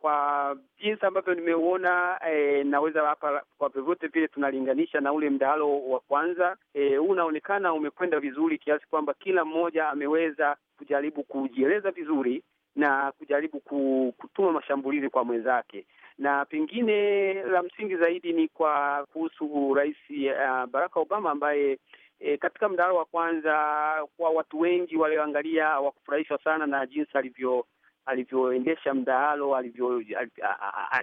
Kwa jinsi ambavyo nimeuona e, naweza hapa kwa vyovyote vile tunalinganisha na ule mdahalo wa kwanza e, huu unaonekana umekwenda vizuri kiasi kwamba kila mmoja ameweza kujaribu kujieleza vizuri na kujaribu kutuma mashambulizi kwa mwenzake, na pengine la msingi zaidi ni kwa kuhusu Rais uh, Barack Obama ambaye E, katika mdahalo wa kwanza kwa watu wengi walioangalia wakufurahishwa sana na jinsi alivyo alivyoendesha mdahalo,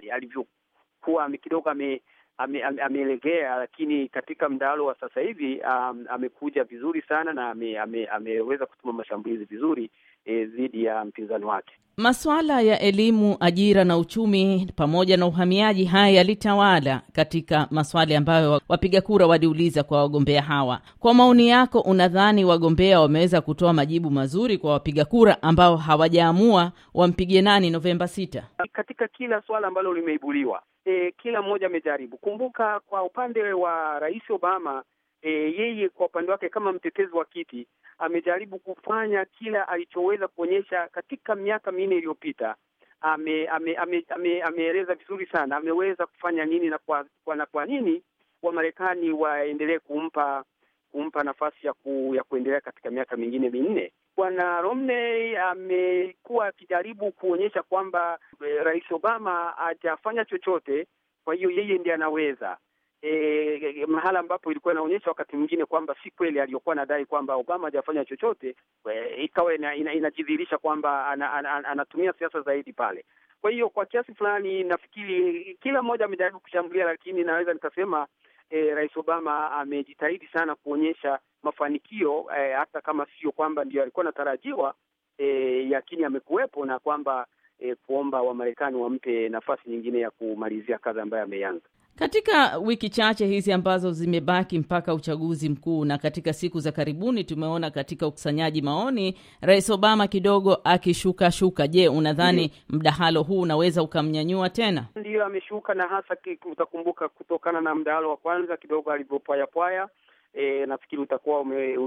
alivyokuwa kidogo ame amelegea, ame, lakini katika mdahalo wa sasa hivi um, amekuja vizuri sana na ameweza ame, ame kutuma mashambulizi vizuri e, dhidi e, ya mpinzani wake. Masuala ya elimu, ajira na uchumi pamoja na uhamiaji, haya yalitawala katika maswali ambayo wapiga kura waliuliza kwa wagombea hawa. Kwa maoni yako, unadhani wagombea wameweza kutoa majibu mazuri kwa wapiga kura ambao hawajaamua wampige nani Novemba sita? Katika kila swala ambalo limeibuliwa e, kila mmoja amejaribu. Kumbuka kwa upande wa Rais Obama e, yeye kwa upande wake kama mtetezi wa kiti amejaribu kufanya kila alichoweza kuonyesha katika miaka minne iliyopita. Ameeleza ame, ame, ame vizuri sana ameweza kufanya nini na kwa, kwa, na kwa nini Wamarekani waendelee kumpa kumpa nafasi ya, ku, ya kuendelea katika miaka mingine minne. Bwana Romney amekuwa akijaribu kuonyesha kwamba e, Rais Obama hajafanya chochote, kwa hiyo yeye ndiye anaweza e, mahala ambapo ilikuwa inaonyesha wakati mwingine kwamba si kweli aliyokuwa anadai kwamba Obama hajafanya chochote, eh, ikawa inajidhihirisha kwamba ana, ana, ana, anatumia siasa zaidi pale. Kwa hiyo kwa kiasi fulani nafikiri kila mmoja amejaribu kushambulia, lakini naweza nikasema e, Rais Obama amejitahidi sana kuonyesha mafanikio eh, hata kama sio kwamba ndio alikuwa anatarajiwa eh, yakini amekuwepo na kwamba eh, kuomba Wamarekani wampe nafasi nyingine ya kumalizia kazi ambayo ameanza Katika wiki chache hizi ambazo zimebaki mpaka uchaguzi mkuu, na katika siku za karibuni tumeona katika ukusanyaji maoni Rais Obama kidogo akishuka shuka. Je, unadhani mm-hmm. mdahalo huu unaweza ukamnyanyua tena? Ndiyo, ameshuka na hasa utakumbuka, kutokana na mdahalo wa kwanza kidogo alivyopwayapwaya e, nafikiri utakuwa ume,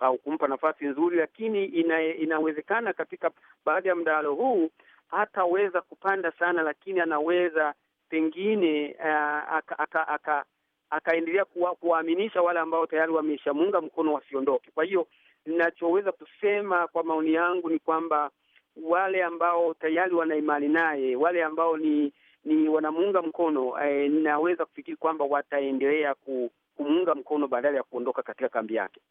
au kumpa nafasi nzuri, lakini ina, inawezekana katika baadhi ya mdahalo huu hataweza kupanda sana, lakini anaweza pengine uh, akaendelea aka, aka, aka kuwaaminisha wale ambao tayari wameshamuunga mkono wasiondoke. Kwa hiyo ninachoweza kusema kwa maoni yangu ni kwamba wale ambao tayari wana imani naye, wale ambao ni ni wanamuunga mkono eh, ninaweza kufikiri kwamba wataendelea ku kumuunga mkono badala ya kuondoka katika kambi yake.